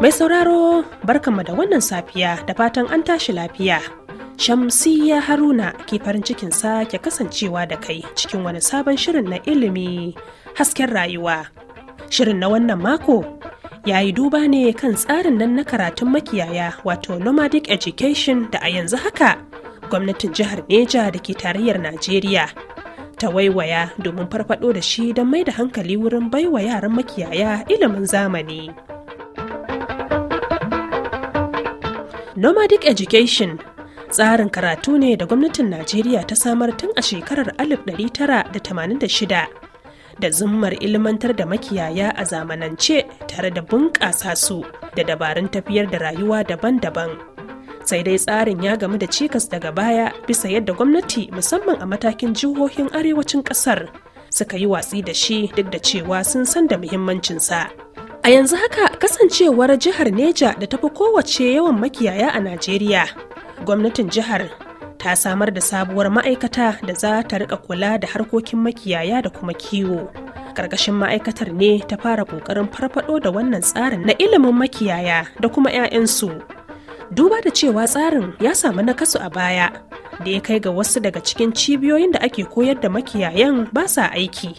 Mai sauraro barkanmu da wannan safiya da fatan an tashi lafiya. Shamsiyya Haruna ke farin cikin sake kasancewa da kai cikin wani sabon shirin na ilimi hasken rayuwa. Shirin na wannan mako ya yi duba ne kan tsarin nan na karatun makiyaya wato nomadic education da a yanzu haka gwamnatin jihar Neja da ke tarayyar Najeriya ta waiwaya domin farfado da shi don mai da hankali wurin baiwa yaran makiyaya ilimin zamani. Nomadic Education tsarin karatu ne da gwamnatin Najeriya ta samar tun a shekarar 1986 da zummar ilmantar da makiyaya a zamanance tare da bunƙasa su da dabarun tafiyar da rayuwa daban-daban. sai dai tsarin ya gamu da cikas daga baya bisa yadda gwamnati musamman a matakin jihohin arewacin kasar suka yi watsi da shi duk da cewa sun san da muhimmancinsa a yanzu haka kasancewar jihar neja da tafi kowace yawan makiyaya a najeriya gwamnatin jihar ta samar da sabuwar ma'aikata da za ta rika kula da harkokin makiyaya da kuma kiwo karkashin ma'aikatar ne ta fara kokarin farfado da wannan tsarin na ilimin makiyaya da kuma 'ya'yansu duba da cewa tsarin ya samu nakasu a baya da ya kai ga wasu daga cikin cibiyoyin da ake koyar da makiyayan ba sa aiki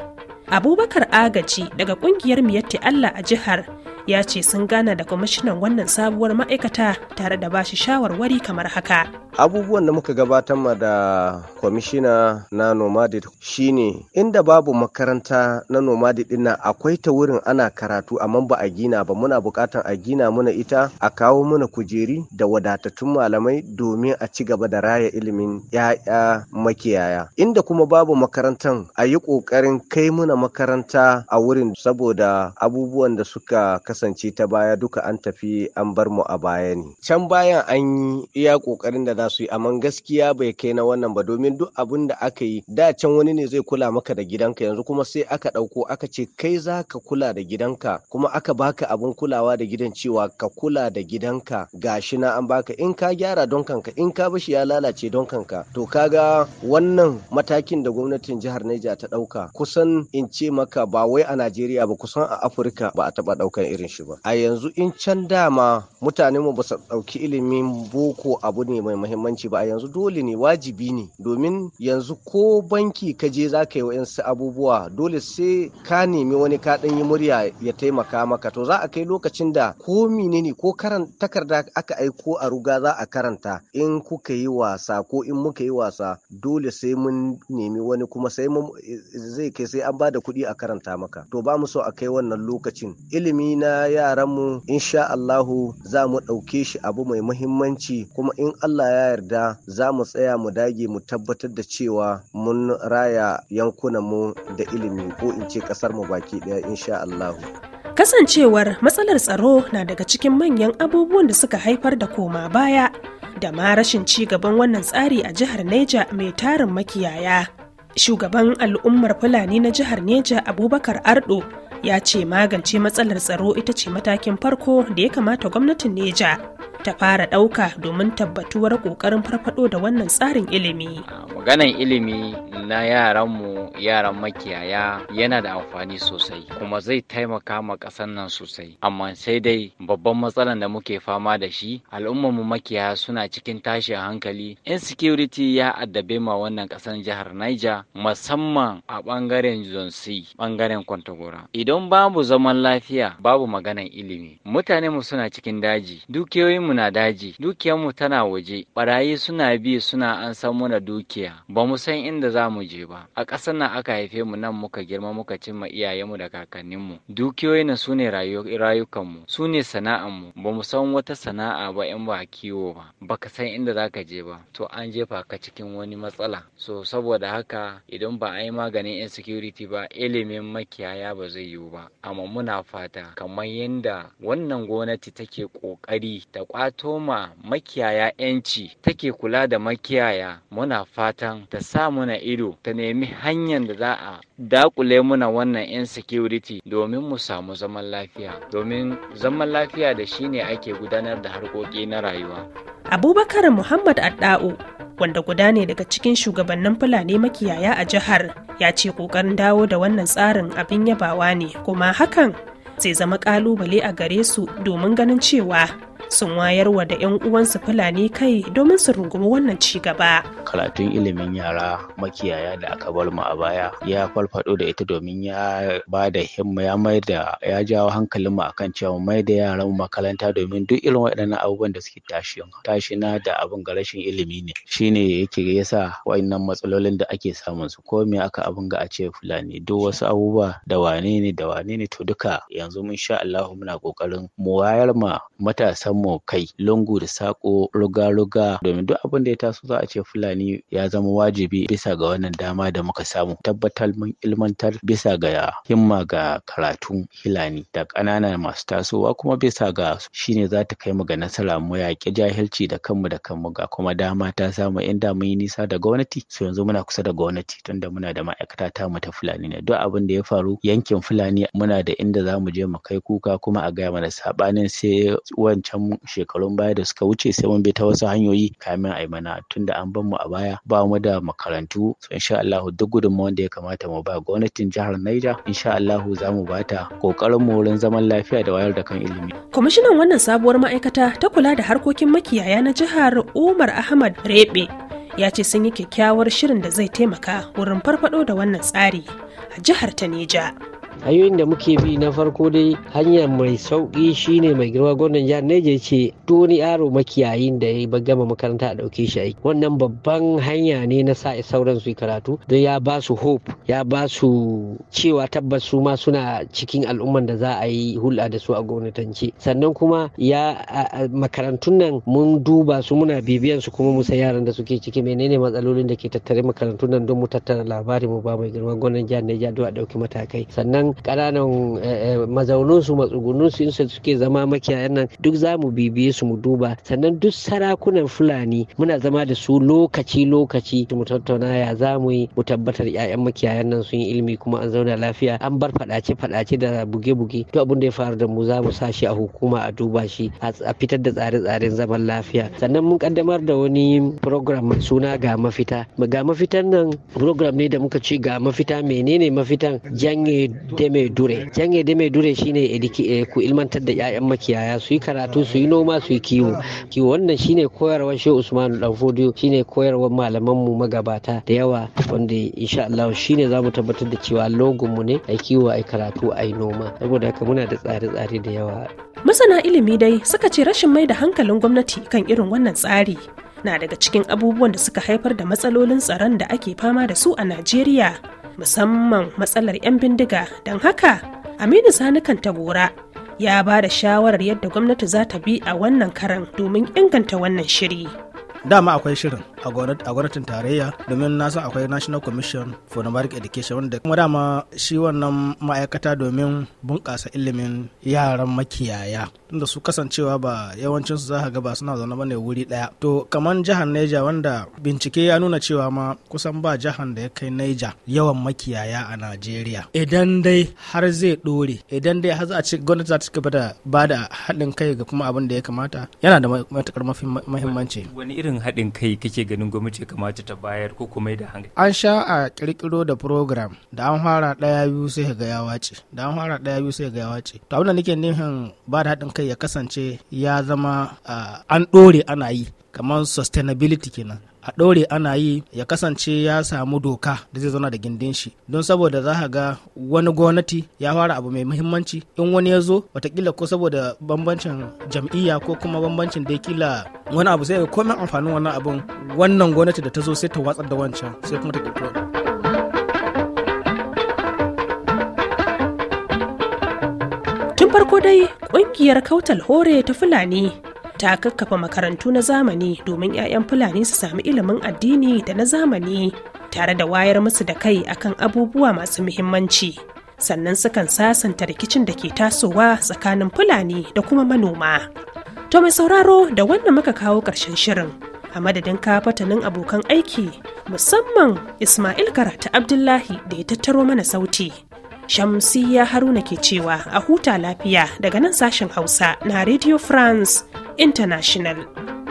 abubakar agaji daga kungiyar miyatti allah a jihar ya ce sun gana da kwamishinan wannan sabuwar ma'aikata tare da bashi shawarwari kamar haka abubuwan da muka gabatar ma da kwamishina na nomadic shine inda babu makaranta na nomadic din akwai ta wurin ana karatu amma ba a gina ba muna bukatan a gina muna ita a kawo muna kujeri da wadatattun malamai domin a ci gaba da raya ilimin ya'ya makiyaya inda kuma babu makarantan a yi kokarin kai muna makaranta a wurin saboda abubuwan da suka kasance ta baya duka an tafi an bar mu a baya ne can bayan an yi iya kokarin da za su yi amma gaskiya bai kai na wannan ba domin duk abin da aka yi da can wani ne zai kula maka da gidanka yanzu kuma sai aka ɗauko aka ce kai za ka kula da gidanka kuma aka baka abin kulawa da gidan cewa ka kula da gidanka gashi na an baka in ka gyara don kanka in ka bashi ya lalace don kanka to kaga wannan matakin da gwamnatin jihar Neja ta ɗauka kusan in ce maka ba wai a Najeriya ba kusan a Afirka ba a taɓa ɗaukan irin cikin shi ba a yanzu in can dama mutane mu basu ɗauki ilimin boko abu ne mai muhimmanci ba a yanzu dole ne wajibi ne domin yanzu ko banki ka je za ka yi wa'insu abubuwa dole sai ka nemi wani ka yi murya ya taimaka maka to za a kai lokacin da ko menene ko karanta takarda aka aiko a ruga za a karanta in kuka yi wasa ko in muka yi wasa dole sai mun nemi wani kuma sai mun zai kai sai an bada kuɗi a karanta maka to ba mu so a kai wannan lokacin ilimi na na yaranmu insha Allahu za mu ɗauke shi abu mai muhimmanci kuma in Allah ya yarda za mu tsaya mu dage mu tabbatar da cewa mun raya yankunanmu da ilimi ko in ce mu baki ɗaya insha Allahu. Kasancewar matsalar tsaro na daga cikin manyan abubuwan da suka haifar da koma baya da ma rashin ci gaban wannan tsari a jihar Neja mai tarin makiyaya. Shugaban al'ummar Fulani na jihar Neja Abubakar Ardo ya ce magance matsalar tsaro ita ce matakin farko da ya kamata gwamnatin Neja ta fara ɗauka domin tabbatuwar ƙoƙarin farfaɗo da wannan tsarin ilimi. Maganan ilimi na yaran mu yaran makiyaya yana da amfani sosai kuma zai taimaka ma ƙasar nan sosai. Amma sai dai babban matsalar da muke fama da shi al'ummarmu makiyaya suna cikin tashin hankali. Insecurity ya addabe ma wannan ƙasar jihar Niger musamman a ɓangaren Zonsi ɓangaren Kwantagora. Idan babu zaman lafiya babu maganan ilimi. Mutane suna cikin daji. Dukiyoyinmu na daji dukiyar tana waje barayi suna bi suna an san muna dukiya ba mu san inda za mu je ba a ƙasar nan aka haife mu nan muka girma muka cimma iyayenmu da kakanninmu dukiyoyin su ne rayukanmu su ne sana'anmu ba mu san wata sana'a ba in ba kiwo ba Ba ka san inda za ka je ba to an jefa ka cikin wani matsala so saboda haka idan ba a yi maganin insecurity ba ilimin makiyaya ba zai yiwu ba amma muna fata kamar yadda wannan gwamnati take ƙoƙari ta ƙwato ma makiyaya 'yanci take kula da makiyaya muna fatan ta sa muna ido ta nemi hanyar da za a dakule muna wannan 'yan security domin mu samu zaman lafiya domin zaman lafiya da shi ne ake gudanar da harkoki na rayuwa abubakar muhammad adda'u wanda guda ne daga cikin shugabannin fulani makiyaya a jihar ya ce kokarin dawo da wannan tsarin abin yabawa ne kuma hakan zai zama kalubale a gare su domin ganin cewa sun wayarwa da 'yan uwansu fulani kai domin su rungumi wannan ci gaba. Karatun ilimin yara makiyaya da aka bar mu a baya ya farfado da ita domin ya ba da himma ya mai da ya jawo hankalin mu akan cewa mai da yaran makaranta domin duk irin waɗannan abubuwan da suke tashi tashina da abin ga rashin ilimi ne shine yake yasa wayannan matsalolin da ake samun su ko me aka abin ga a ce fulani duk wasu abubuwa da wane ne da wane ne to duka yanzu mun sha Allahu muna kokarin mu wayar ma matasan komo kai lungu da sako ruga-ruga domin duk abin da ya taso za a ce fulani ya zama wajibi bisa ga wannan dama da muka samu tabbatar mun ilmantar bisa ga himma ga karatun hilani da ƙanana masu tasowa kuma bisa ga shine za ta kai mu ga nasara mu yaƙi jahilci da kanmu da kanmu ga kuma dama ta samu inda mun yi nisa da gwamnati su yanzu muna kusa da gwamnati tunda muna da ma'aikata ta mu ta fulani ne duk abin da ya faru yankin fulani muna da inda za mu je mu kai kuka kuma a gaya mana saɓanin sai wancan shekarun baya da suka wuce sai mun bi ta wasu hanyoyi kamin a yi mana tunda an ban mu a baya ba mu da makarantu so insha Allah duk gudunmawar da ya kamata mu ba gwamnatin jihar Niger insha Allah za mu bata kokarin mu wurin zaman lafiya da wayar da kan ilimi. Kwamishinan wannan sabuwar ma'aikata ta kula da harkokin makiyaya na jihar Umar Ahmad Rebe ya ce sun yi kyakkyawar shirin da zai taimaka wurin farfado da wannan tsari a jihar ta Neja. hanyoyin da muke bi na farko dai hanya mai sauki shine mai girma gwamnan jihar neja ce doni yaro makiyayin da ya gama makaranta a dauke shi aiki wannan babban hanya ne na sa sauran su karatu don ya ba su hope ya ba su cewa tabbas su ma suna cikin al'umman da za a yi hulɗa da su a gwamnatance sannan kuma ya makarantun nan mun duba su muna bibiyan su kuma musa yaran da suke ciki menene matsalolin da ke tattare makarantun nan don mu tattara labari mu ba mai girma gwamnan jihar Neja don a dauki matakai sannan ƙananan eh, eh, mazauninsu su suke zama makiyayan nan duk za mu bibiye su mu duba sannan duk sarakunan fulani muna zama da su lokaci-lokaci mu tattauna ya za mu yi mu tabbatar 'ya'yan makiyayan nan sun yi ilimi kuma an zauna lafiya an bar faɗace-faɗace da buge-buge to abin da ya faru da mu za mu sa shi a hukuma a duba shi a fitar da tsare-tsaren zaman lafiya sannan mun kaddamar da wani program suna ga mafita ga mafitan nan program ne da muka ce ga mafita menene mafitan janye mai dure yan mai dure shine eh, ku ilmantar da 'ya'yan makiyaya su yi karatu su yi noma su yi kiwo kiwo wannan shine koyarwar shehu usman danfodiyo shine koyarwar malaman mu magabata da yawa wanda insha Allah shine zamu tabbatar da cewa logon mu ne ai kiwo ai karatu ai noma saboda haka muna da tsare-tsare da yawa masana ilimi dai suka ce rashin mai da hankalin gwamnati kan irin wannan tsari na daga cikin abubuwan da suka haifar da matsalolin tsaron da ake fama da su a Najeriya musamman matsalar 'yan bindiga don haka aminu Sani sanukan gora ya ba da shawarar yadda gwamnati za ta bi a wannan karan domin inganta wannan shiri dama akwai shirin a gwamnatin tarayya domin na san akwai national commission for numeric education wanda kuma dama shi wannan ma'aikata domin bunƙasa ilimin yaran makiyaya tunda su kasancewa ba yawancin su za ga ba suna zaune bane wuri daya. to kamar jihar Neja wanda bincike ya nuna cewa ma kusan ba jihar da ya kai Neja yawan makiyaya a Najeriya idan dai har zai dore. idan dai har za a ci gwamnati za ta ci da ba da haɗin kai ga kuma abin da ya kamata yana da matuƙar mahimmanci wani irin haɗin kai kake ga ganin gwamnati kamata ta bayar ko kuma da hankali an sha a kirkiro da program da an fara ɗaya biyu sai ga ya wace da an fara ɗaya biyu sai ga ya wace to abinda nake nufin ba da haɗin kai ya kasance ya zama ah, an ɗore ana yi kamar sustainability kenan a ɗore ana yi ya kasance ya samu doka da zai zauna da gindin shi don saboda za ka ga wani gwamnati ya fara abu mai muhimmanci in wani ya zo watakila ko saboda bambancin jam'iyya ko kuma bambancin da kila wani abu sai ga komai amfanin wannan abun wannan gwamnati da ta zo sai ta watsar da wancan sai kuma ta tun farko dai ƙungiyar kautal hore ta fulani ta kakkafa makarantu na zamani domin 'ya'yan fulani su sami ilimin addini da na zamani tare da wayar musu da kai akan abubuwa masu muhimmanci sannan sukan sasanta rikicin da ke tasowa tsakanin fulani da kuma manoma to mai sauraro da wannan muka kawo ƙarshen shirin a madadin kafatanin abokan aiki musamman ismail karatu abdullahi da ya tattaro mana sauti shamsiya haruna ke cewa a huta lafiya daga nan sashen hausa na radio france International.